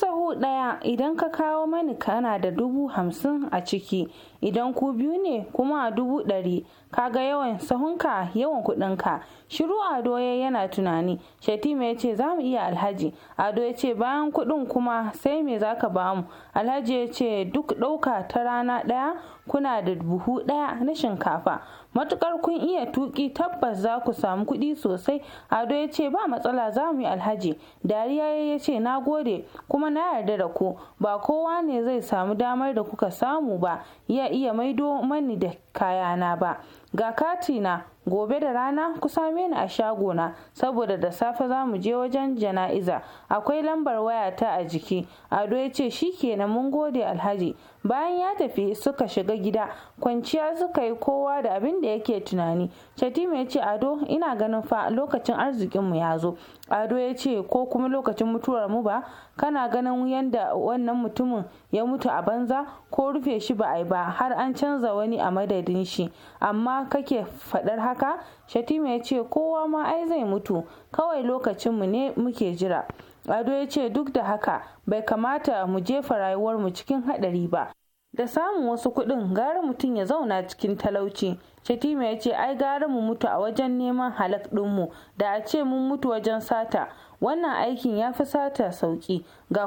sahu ɗaya idan ka kawo mani kana da dubu hamsin a ciki idan ku biyu ne kuma a dubu ɗari Ka ga yawan sahunka yawan kuɗinka shiru ado ya yana tunani shatima ya ce za mu iya alhaji ado ya ce bayan kuɗin kuma sai me za ka bamu alhaji ya ce duk ɗauka ta rana ɗaya kuna da buhu ɗaya na shinkafa matukar kun iya tuki tabbas za ku samu kuɗi sosai ado ya ce ba matsala za mu yi alhaji dariya ya ce na gode kuma na yarda da ku ba kowa ne zai samu damar da kuka samu ba ya iya maido mani da kayana ba ga katina gobe da rana ku same ni a shagona saboda da safe za mu je wajen jana'iza akwai lambar waya ta a jiki ado ya ce shi kenan mun gode alhaji bayan ya tafi suka shiga gida kwanciya suka yi kowa da abin da yake tunani shatima ya ce ado ina ganin fa lokacin arzikinmu ya zo ado ya ce ko kuma lokacin mutuwar mu ba kana ganin yadda wannan mutumin ya mutu a banza ko rufe shi ba a ba har an canza wani a madadin shi amma kake faɗar haka shatima ya ce kowa ma ai zai mutu kawai lokacinmu ne muke jira ado ya ce duk da haka bai kamata mu jefa rayuwarmu cikin haɗari ba da samun wasu kuɗin gara mutum ya zauna cikin talauci shatima ya ce ai gara mu mutu a wajen neman halak mu. da a ce mun mutu wajen sata wannan aikin ya fi sata sauƙi. ga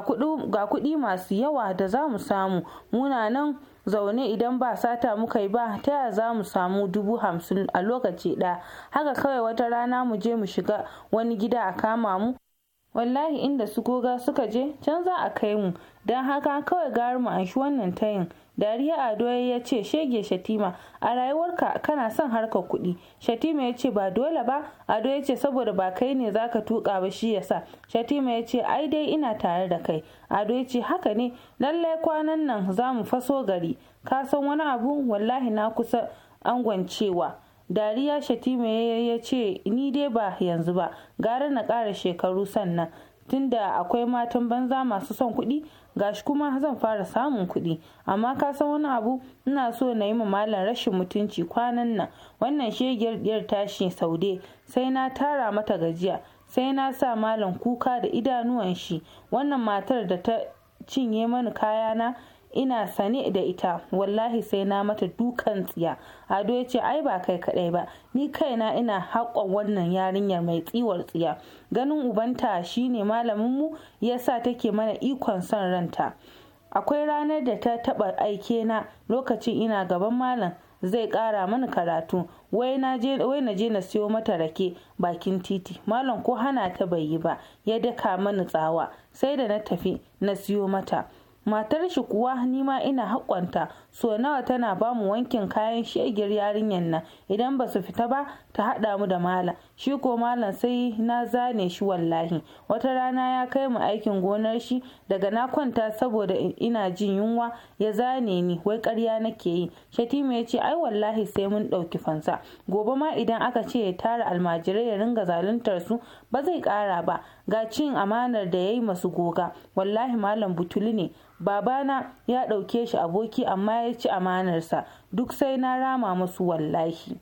kuɗi masu yawa da za mu samu muna nan. zaune idan ba sata muka yi ba ta ya za mu samu dubu hamsin a lokaci ɗaya haka kawai wata rana mu je mu shiga wani gida a kama mu wallahi inda su goga suka je can za a kai mu don haka kawai gari mu anshi wannan tayin dariya ado ya ce shege shatima a rayuwarka kana son harkar kuɗi shatima ya ce ba dole ba ado ya ce saboda ba kai ne zaka tuka ba shi yasa shatima ya ce ai dai ina tare da kai ado ya ce haka ne lallai kwanan nan za mu faso gari ka san wani abu wallahi na kusa angwancewa dariya shatima ya ce ni dai ba yanzu ba gara na ƙara shekaru sannan tunda akwai matan banza masu son kuɗi gashi kuma zan fara samun kuɗi amma ka san wani abu ina so na yi malam rashin mutunci kwanan nan wannan shegiyar diyar tashi saude sai na tara mata gajiya sai na sa malam kuka da idanuwan shi wannan matar da ta cinye mani kayana ina sane da ita wallahi sai na mata dukan tsiya ado ya ce ai ba kai kadai ba ni kaina ina haƙon wannan yarinyar mai tsiwar tsiya ganin ubanta shine malaminmu ya sa take mana ikon son ranta akwai ranar da ta taɓa aike na lokacin ina gaban malam zai ƙara mana karatu wai na je na siyo mata rake bakin titi malam ko hana ta bai yi ba ya daka mani tsawa sai da na tafi na siyo mata matar shi kuwa nima ina haƙonta so nawa tana bamu wankin kayan shegir yarinyar nan idan ba su fita ba ta hada mu da malam shi ko malam sai na zane shi wallahi wata rana ya kai mu aikin gonar shi daga na kwanta saboda ina jin yunwa ya zane ni wai karya nake yi shatima ya ce ai wallahi sai mun dauki fansa gobe ma idan aka ce ya tara almajirai ya ringa zaluntar su ba zai kara ba ga cin amanar da ya yi masu goga wallahi malam butuli ne babana ya dauke shi aboki amma ya ci amanarsa duk sai na rama musu wallahi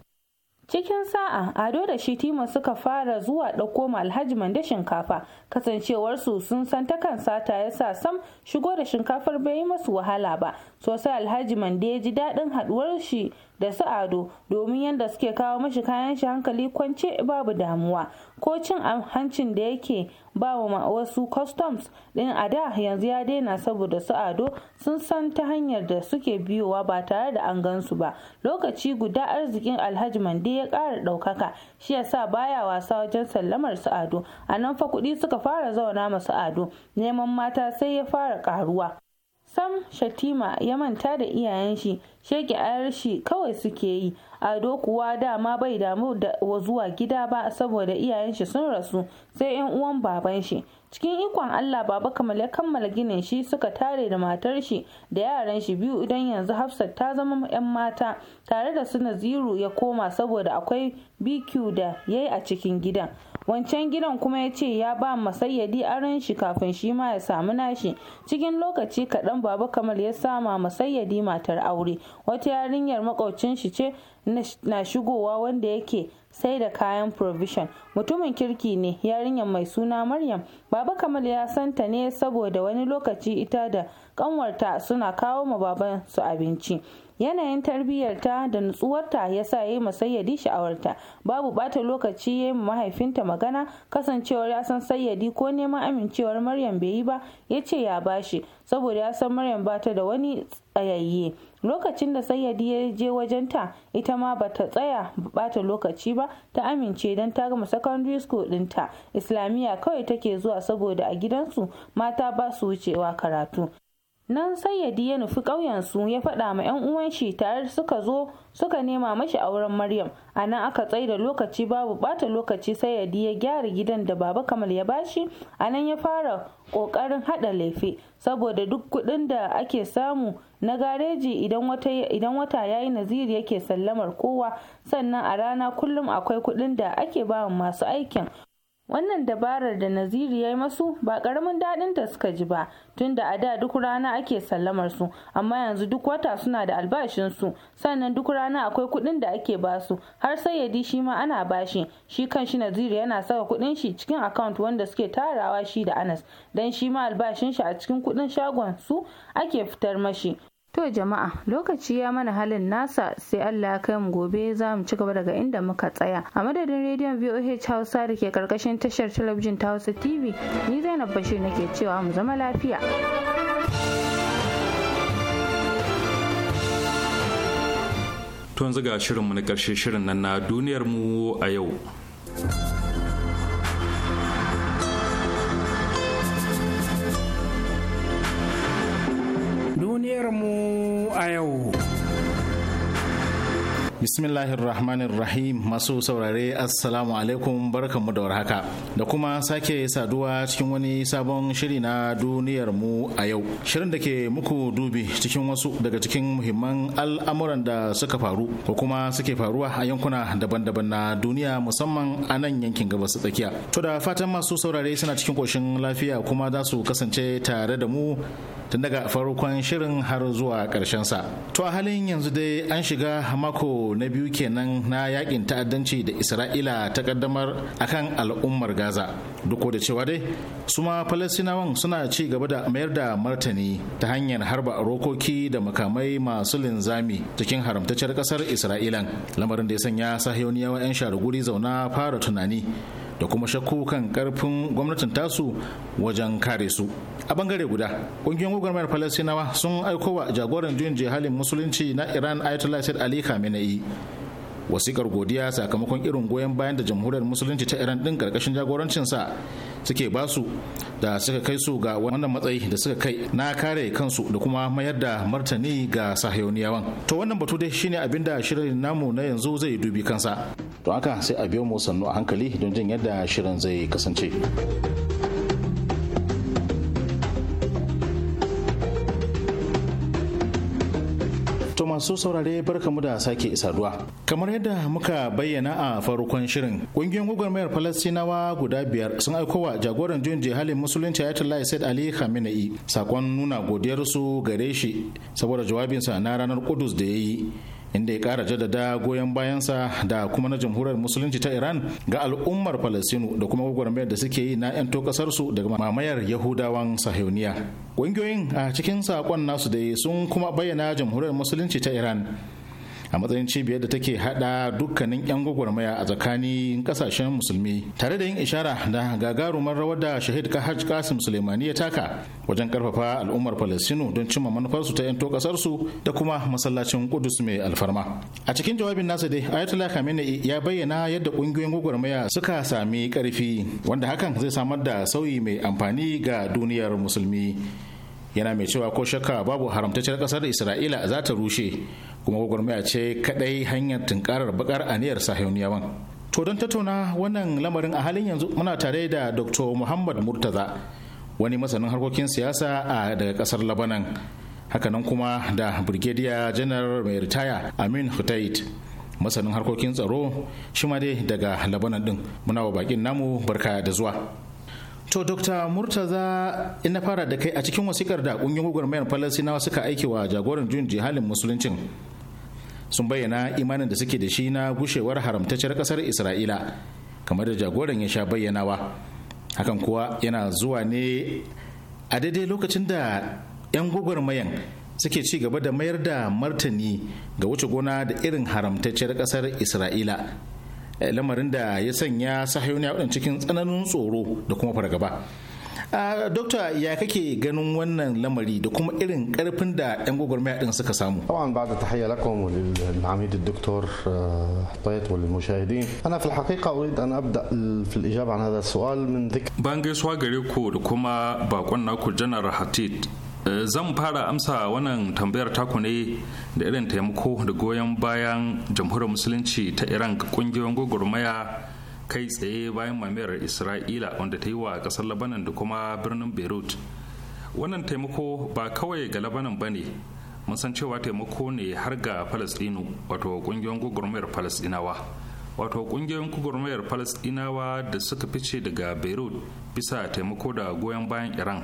cikin sa'a ado da shi shitima suka fara zuwa ɗauko ma alhaji mande shinkafa kasancewarsu sun san ta kan sata ya sa sam shigo da shinkafar bai yi masu wahala ba sosai alhaji mande ya ji daɗin haɗuwar shi da su ado domin yadda suke kawo mashi kayan shi hankali kwance babu damuwa ko cin hancin da yake ba wasu customs din a da yanzu ya daina saboda su ado sun san ta hanyar da suke biyowa ba tare da an gansu ba lokaci guda arzikin alhaji mande ya kara daukaka shi yasa baya wasa wajen sallamar su ado a nan fa kuɗi suka fara zauna masu ado neman mata sai ya fara karuwa. sam shatima ya manta da iyayen shi sheke shi kawai suke yi ado kuwa dama bai damu da wa zuwa gida ba saboda iyayen shi sun rasu sai yan uwan baban shi cikin ikon Allah baba kamal ya kammala ginin shi suka tare da matar shi da yaran shi biyu idan yanzu Hafsat ta zama yan mata tare da su Naziru ya koma saboda akwai BQ da yayi a cikin gidan wancan gidan kuma ya ce ya ba masayyadi aron shi kafin shi ma ya samu nashi cikin lokaci kaɗan baba kamal ya sama masayyadi matar aure wata yarinyar makaucin shi ce na shigowa wanda yake sai da kayan provision mutumin kirki ne yarinyar mai suna maryam baba kamal ya santa ne saboda wani lokaci ita da kanwarta suna kawo ma baban su abinci yanayin tarbiyyarta da nutsuwarta ya sa ya yi sayyadi sha'awarta babu bata lokaci ya yi mahaifinta magana kasancewar ya san sayyadi ko neman amincewar maryam bai yi ba ya ce ya bashi saboda ya san maryam bata da wani tsayayye lokacin da sayyadi ya je wajenta ita ma bata tsaya bata lokaci ba ta amince don ta gama secondary school dinta islamiyya kawai take zuwa saboda a gidansu mata ba su wucewa karatu nan yadi ya nufi ƙauyensu ya faɗa ma 'yan uwan shi tare suka zo suka nema mashi auren maryam a nan aka da lokaci babu ɓata lokaci yadi ya gyara gidan da baba kamal ya bashi a nan ya fara ƙoƙarin haɗa lefe saboda duk kuɗin da ake samu na gareji idan wata ya yi naziri yake sallamar kowa sannan a rana kullum akwai kuɗin da ake ba masu aikin wannan dabarar da naziru ya yi masu ba karamin daɗin ta suka ji ba tunda a da duk rana ake sallamar su amma yanzu duk wata suna da albashin su sannan duk rana akwai kuɗin da ake basu har sai sayyadi shi ma ana bashi shi kan shi naziru yana saka kuɗin shi cikin account wanda suke tarawa shi da anas dan shi ma albashin shi a cikin kuɗin shagon su ake fitar mashi To jama'a lokaci ya mana halin nasa sai Allah ya kai mu gobe za mu ci gaba daga inda muka tsaya. A madadin rediyon VOH Hausa da ke karkashin tashar talabijin ta Hausa TV ni Zainab Bashir nake cewa mu zama lafiya. To yanzu ga shirinmu na ƙarshe shirin nan na duniyar mu a yau. duniyarmu a yau. Bismillahirrahmanirrahim masu saurare assalamu alaikum barkanmu da warhaka da kuma sake saduwa cikin wani sabon shiri na duniyar mu a yau shirin da ke muku dubi cikin wasu daga cikin muhimman al'amuran da suka faru ko kuma suke faruwa a yankuna daban-daban na duniya musamman a nan yankin gabas tsakiya to da fatan masu saurare suna cikin koshin lafiya kuma za su kasance tare da mu tun daga farkon shirin har zuwa karshen sa to a halin yanzu dai an shiga mako na biyu kenan na yakin ta'addanci da isra'ila ta kaddamar akan al'ummar gaza duk da cewa dai su ma falastinawan suna ci gaba da mayar da martani ta hanyar harba rokoki da makamai masu linzami cikin haramtacciyar kasar isra'ilan lamarin da ya sanya sahiyoniyawa 'yan shara guri zauna fara tunani da kuma shakku kan karfin gwamnatin tasu wajen kare su a bangare guda kungiyoyin gwamnatin falasinawa sun aiko wa jagoran juyin jihalin musulunci na iran ayatollah said ali khamenei wasikar godiya sakamakon irin goyon bayan da jamhuriyar musulunci ta iran din karkashin jagorancinsa suke ba su da suka kai su ga wannan matsayi da suka kai na kare kansu da kuma mayar da martani ga sahiyoniyawan to wannan batu dai shine abin da shirin namu na yanzu zai dubi kansa to haka sai a biyo mu sannu a hankali don jin yadda shirin zai kasance masu saurare mu da sake saduwa. Kamar yadda muka bayyana a farkon shirin, ƙungiyoyin gwagwarmayar Falastinawa guda biyar sun aiko wa jagoran juyin jihalin musulunci Ayatollah Said Ali Khamenei sakon nuna godiyarsu gare shi saboda jawabinsa na ranar Kudus da ya yi. inda ya kara jaddada goyon bayansa da kuma na jamhuriyar musulunci ta iran ga al'ummar falasinu da kuma gwagwarmayar da suke yi na 'yanto kasarsu daga mamayar yahudawan sahiyoniya ƙungiyoyin a cikin saƙon nasu da sun kuma bayyana jamhuriyar musulunci ta iran a matsayin cibiyar da take hada dukkanin 'yan gwagwarmaya a tsakanin kasashen musulmi tare da yin ishara da gagarumar rawar da shahid kahaj kasim suleimani ya taka wajen karfafa al'ummar palestino don cimma manufarsu ta 'yanto kasarsu da kuma masallacin kudus mai alfarma a cikin jawabin nasa dai ayatollah khamenei ya bayyana yadda kungiyoyin gwagwarmaya suka sami karfi wanda hakan zai samar da sauyi mai amfani ga duniyar musulmi yana mai cewa ko shakka babu haramtacciyar kasar isra'ila za ta rushe kuma gwagwarmaya ce kadai hanyar tunkarar bakar aniyar sahiyoniyawan to don tattauna wannan lamarin a halin yanzu muna tare da dr muhammad murtaza wani masanin harkokin siyasa a daga kasar labanan hakanan kuma da brigadier general mai ritaya amin hutait masanin harkokin tsaro shi ma dai daga labanan din muna wa bakin namu barka da zuwa to dr murtaza in na fara da kai a cikin wasikar da kungiyar gwagwarmayar falasinawa suka aiki wa jagoran juyin jihalin musuluncin sun bayyana imanin da suke da shi na gushewar haramtacciyar kasar isra'ila kamar da jagoran ya sha bayyanawa hakan kuwa yana zuwa ne a daidai lokacin da 'yan gwagwarmayan suke ci gaba da mayar da martani ga wuce gona da irin haramtacciyar kasar isra'ila eh, lamarin da ya sanya sahayoniya cikin tsananin tsoro da kuma fargaba. a Dokta ya kake ganin wannan lamari da kuma irin karfin da 'yan gwagwarmaya din suka samu? طبعا بعد تحية لكم وللعميد الدكتور طيط وللمشاهدين أنا في الحقيقة أريد أن أبدأ في الإجابة da هذا السؤال من ذكر bayan gaisuwa gare ku da kuma bakon naku janar hatid zan fara amsa wannan tambayar taku ne da irin taimako da goyon bayan jamhuriyar musulunci ta iran ga kungiyoyin gwagwarmaya kai tsaye bayan mamayar isra'ila wanda ta yi wa kasar labanan da kuma birnin beirut wannan taimako ba kawai ga labanan ba ne mun san cewa taimako ne har ga falastinu wato kungiyoyin gugurmayar falastinawa wato kungiyoyin gugurmayar falastinawa da suka fice daga beirut bisa taimako da goyon bayan iran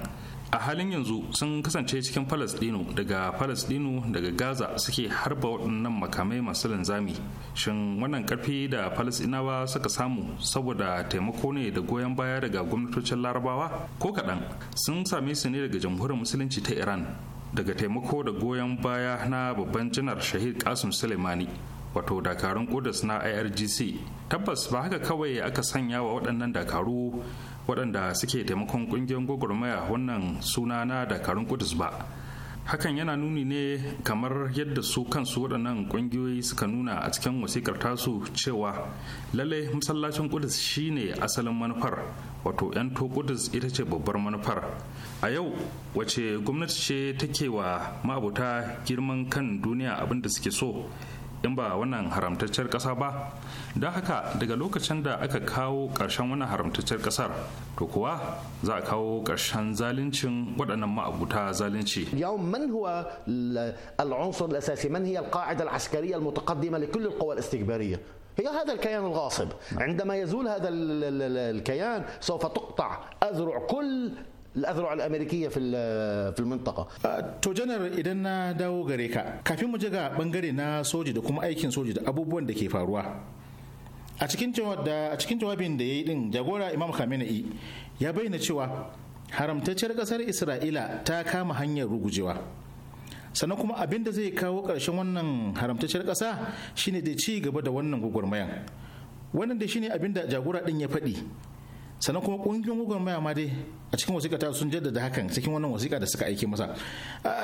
a halin yanzu sun kasance cikin falasdino daga falasdino daga gaza suke harba waɗannan makamai masu linzami shin wannan karfi da falasdinawa suka samu saboda taimako ne da goyon baya daga gwamnatocin larabawa ko kaɗan sun same su ne daga jamhuriyar musulunci ta iran daga taimako da goyon baya na babban janar shahid kasim sulemani wato dakarun kudus na irgc tabbas ba haka kawai aka sanya wa waɗannan dakaru waɗanda suke taimakon ƙungiyar gwagwarmaya wannan suna na dakarun kudus ba hakan yana nuni ne kamar yadda su kansu waɗannan ƙungiyoyi suka nuna a cikin wasikar tasu cewa lallai masallacin kudus shine asalin manufar wato 'yan to kudus ita ce babbar manufar a yau wace gwamnati ce take wa ma'abuta girman kan duniya abinda suke so in ba wannan haramtaccen ƙasa ba don haka daga lokacin da aka kawo ƙarshen wannan haramtaccen ƙasar to kuwa za a kawo ƙarshen zalincin waɗannan ma'abuta zalunci yau man huwa al'unsur al-asasi man hiya al-qa'ida al-askariyya al-mutaqaddima li kulli al-qawa al-istikbariyya هي هذا الكيان الغاصب عندما يزول هذا الكيان سوف تقطع أذرع كل الاذرع الامريكيه في في المنطقه to janar idan na dawo gare ka kafin mu je ga bangare na soji da kuma aikin soji da abubuwan da ke faruwa a cikin a cikin jawabin da ya yi din jagora imam khamenei ya bayyana cewa haramtacciyar kasar isra'ila ta kama hanyar rugujewa sannan kuma abin da zai kawo karshen wannan haramtacciyar kasa shine da ci gaba da wannan gwagwarmayan wannan da shine abin da jagora din ya faɗi sannan kuma kungiyoyin gwagwarmaya ma dai a cikin wasiƙa ta sun jaddada hakan cikin wannan wasiƙa da suka aike masa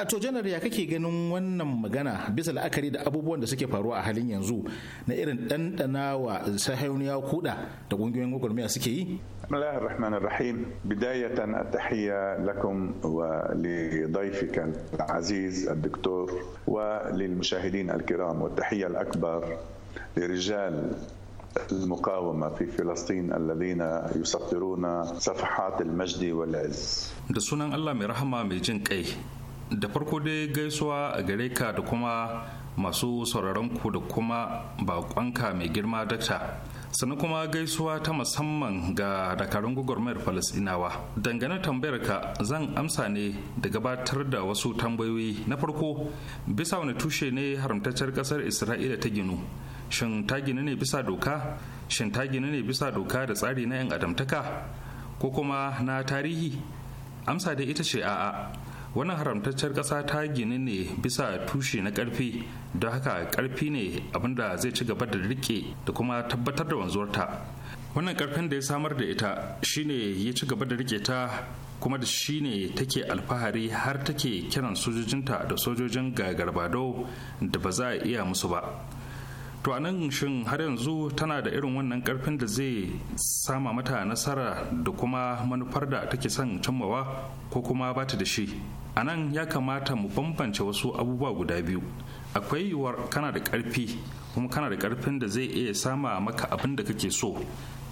to janar ya kake ganin wannan magana bisa la'akari da abubuwan da suke faruwa a halin yanzu na irin ɗanɗana wa sahayoniya kuɗa da kungiyoyin gwagwarmaya suke yi rahim bidayatan at-tahiyya lakum wa li dayfika al-aziz الرحمن doktor wa lil mushahidin al-kiram wa at-tahiyya al-akbar لرجال المقاومة في فلسطين الذين يسطرون صفحات المجد والعز da sunan Allah mai rahama mai jin kai da farko dai gaisuwa a gare ka da kuma masu sauraron ku da kuma bakonka mai girma dakta sannan kuma gaisuwa ta musamman ga dakarun gwagwarmayar falasdinawa dangane tambayar ka zan amsa ne da gabatar da wasu tambayoyi na farko bisa wani tushe ne haramtaccen kasar isra'ila ta ginu shin ta gina ne bisa doka shin ta gina ne bisa doka da tsari na 'yan adamtaka ko kuma na tarihi amsa da ita ce a'a wannan haramtaccen ƙasa ta gini ne bisa tushe na ƙarfi don haka ƙarfi ne abinda zai ci gaba da rike da kuma tabbatar da wanzuwarta wannan ƙarfin da ya samar da ita shine ya ci gaba da rike ta kuma da shi ne take alfahari har take kiran sojojinta da sojojin gagarbado da ba za a iya musu ba to anan shin har yanzu tana da irin wannan karfin da zai sama mata nasara da kuma manufar da take son cimmawa ko kuma bata da shi anan ya kamata mu bambance wasu abubuwa guda biyu akwai yiwuwar kana da karfi kuma kana da karfin da zai iya sama maka abin da kake so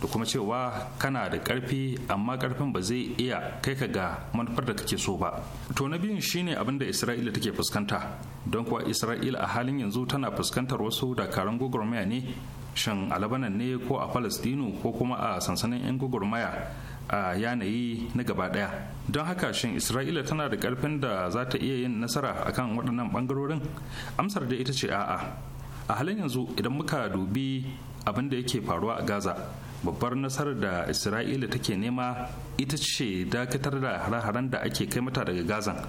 da kuma cewa kana da karfi amma karfin ba zai iya kai ka ga manufar da kake so ba to na biyun shine abin da isra'ila take fuskanta don kuwa isra'ila a halin yanzu tana fuskantar wasu dakarun gwagwarmaya ne shin a labanan ne ko a falastinu ko kuma a sansanin 'yan gwagwarmaya a yanayi na gaba ɗaya don haka shin isra'ila tana da karfin da za ta iya yin nasara akan waɗannan ɓangarorin amsar da ita ce a'a a halin yanzu idan muka dubi abin da yake faruwa a gaza babbar nasarar da isra'ila take nema ita ce dakatar da hare-haren da ake kai mata daga gazan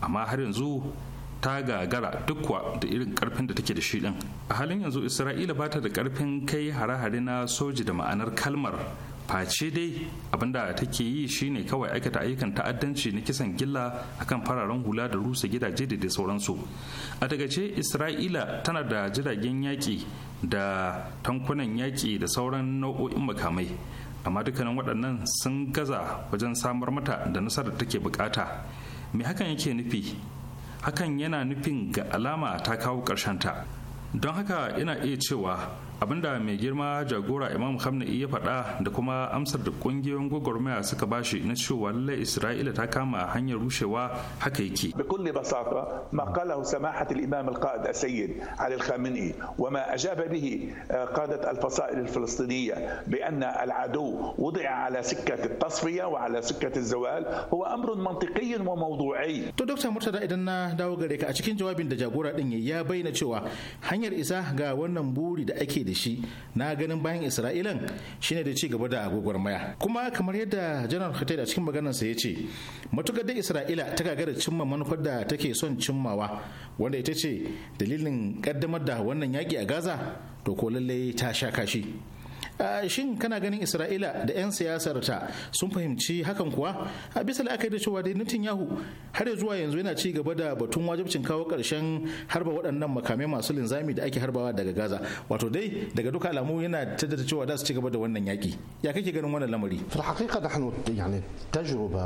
amma har yanzu ta gagara duk da irin karfin da take da shi din a halin yanzu isra'ila ba ta da karfin kai hare-hare na soji da ma'anar kalmar face dai abinda take yi shine kawai aikata ayyukan ta'addanci na kisan gilla akan fararen hula da rusa gidaje da sauransu a takaice isra'ila tana da jiragen yaƙi da tankunan yaƙi da sauran nau'o'in makamai amma dukkanin waɗannan sun gaza wajen samar mata da nasarar take bukata me hakan yake nufi hakan yana nufin ga alama ta kawo ta don haka yana iya cewa abinda mai girma jagora imam khamenei ya faɗa da kuma amsar da ƙungiyoyin gwagwarmaya suka bashi na cewa lallai isra'ila ta kama hanyar rushewa haka yake بكل بساطة ما قاله سماحة الإمام القائد السيد علي الخامنئي وما أجاب به قادة الفصائل الفلسطينية بأن العدو وضع على سكة التصفية وعلى سكة الزوال هو أمر منطقي وموضوعي to dokta murtada idan na dawo gare ka a cikin jawabin da jagora din ya bayyana cewa hanyar isa ga wannan buri da ake da da shi na ganin bayan isra'ilan shine da ci gaba da maya. kuma kamar yadda janar hatai a cikin maganarsa ya ce matukar da isra'ila ta gagara cimma manufar da take son cimmawa wanda ita ce dalilin kaddamar da wannan yaki a gaza to ko lallai ta sha kashi shin kana ganin isra'ila da 'yan siyasarta sun fahimci hakan kuwa a bisa la'akari da cewa dai yahu har zuwa yanzu yana ci gaba da batun wajibcin kawo karshen harba waɗannan makamai masu linzami da ake harbawa daga gaza wato dai daga duka alamu yana tattata cewa za su ci gaba da wannan yaki ya kake ganin wannan lamari في الحقيقة نحن يعني تجربة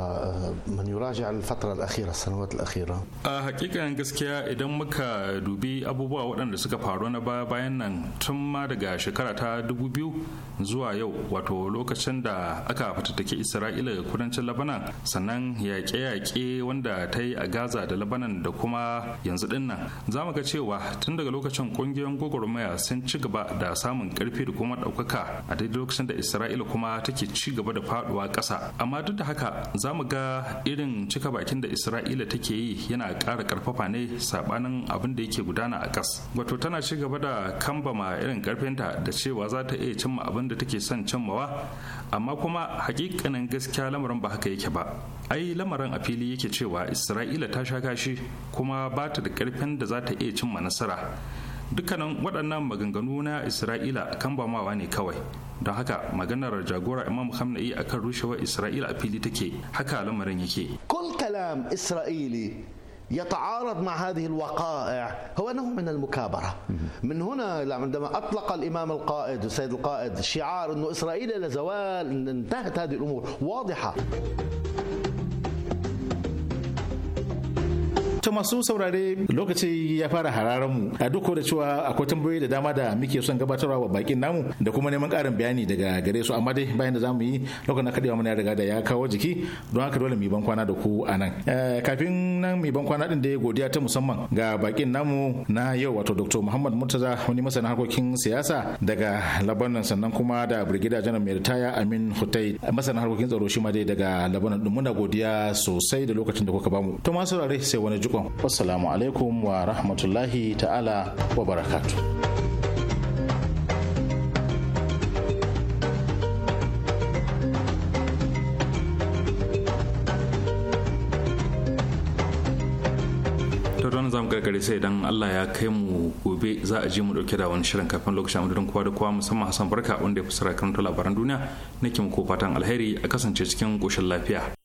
من يراجع الفترة الأخيرة السنوات الأخيرة حقيقة gaskiya idan muka dubi abubuwa waɗanda suka faru na baya bayan nan tun ma daga shekara ta 2000 zuwa yau wato lokacin da aka fitattake isra'ila daga kudancin labanan sannan yaƙe-yaƙe wanda ta yi a gaza da labanan da kuma yanzu dinnan, nan za mu ga cewa tun daga lokacin ƙungiyoyin gwagwarmaya sun ci gaba da samun ƙarfi da kuma ɗaukaka a daidai lokacin da isra'ila kuma take ci gaba da faɗuwa ƙasa amma duk da haka za mu ga irin cika bakin da isra'ila take yi yana ƙara ƙarfafa ne saɓanin abin da yake gudana a ƙas wato tana ci gaba da kambama irin ƙarfinta da cewa za ta iya cimma abin da take son cimmawa amma kuma hakikanin gaskiya lamarin ba haka yake ba ai lamarin a fili yake cewa isra'ila ta sha kashi kuma ba ta da karfin da za ta iya cimma nasara dukkanin waɗannan maganganu na isra'ila kan mawa ne kawai don haka maganar jagora imam hamna'i akan rushewar isra'ila a fili take haka lamarin yake kul kalam isra'ili يتعارض مع هذه الوقائع هو نوع من المكابرة من هنا عندما أطلق الإمام القائد السيد القائد شعار أن إسرائيل إلى زوال انتهت هذه الأمور واضحة wato masu saurare lokaci ya fara hararan mu a duk da cewa akwai tambayoyi da dama da muke son gabatarwa wa bakin namu da kuma neman karin bayani daga gare su amma dai bayan da zamu yi lokacin na kadewa mana riga da ya kawo jiki don haka dole mu yi bankwana da ku a nan eh, kafin nan mu yi bankwana din da ya godiya ta musamman ga bakin namu na yau wato Dr. Muhammad Murtaza wani masana harkokin siyasa daga Labanan sannan kuma da Brigadier General Mai Ritaya Amin Hutai masanin harkokin tsaro shi ma dai daga Labanan din muna godiya sosai da lokacin da kuka bamu to ma saurare sai wani jiko zangon wassalamu alaikum wa rahmatullahi ta'ala wa barakatu. za zamu gargare sai idan Allah ya kai mu gobe za a ji mu dauke da wani shirin kafin lokacin amudurin kowa da kowa musamman Hassan Barka wanda ya fusara karanta labaran duniya nake muku fatan alheri a kasance cikin koshin lafiya.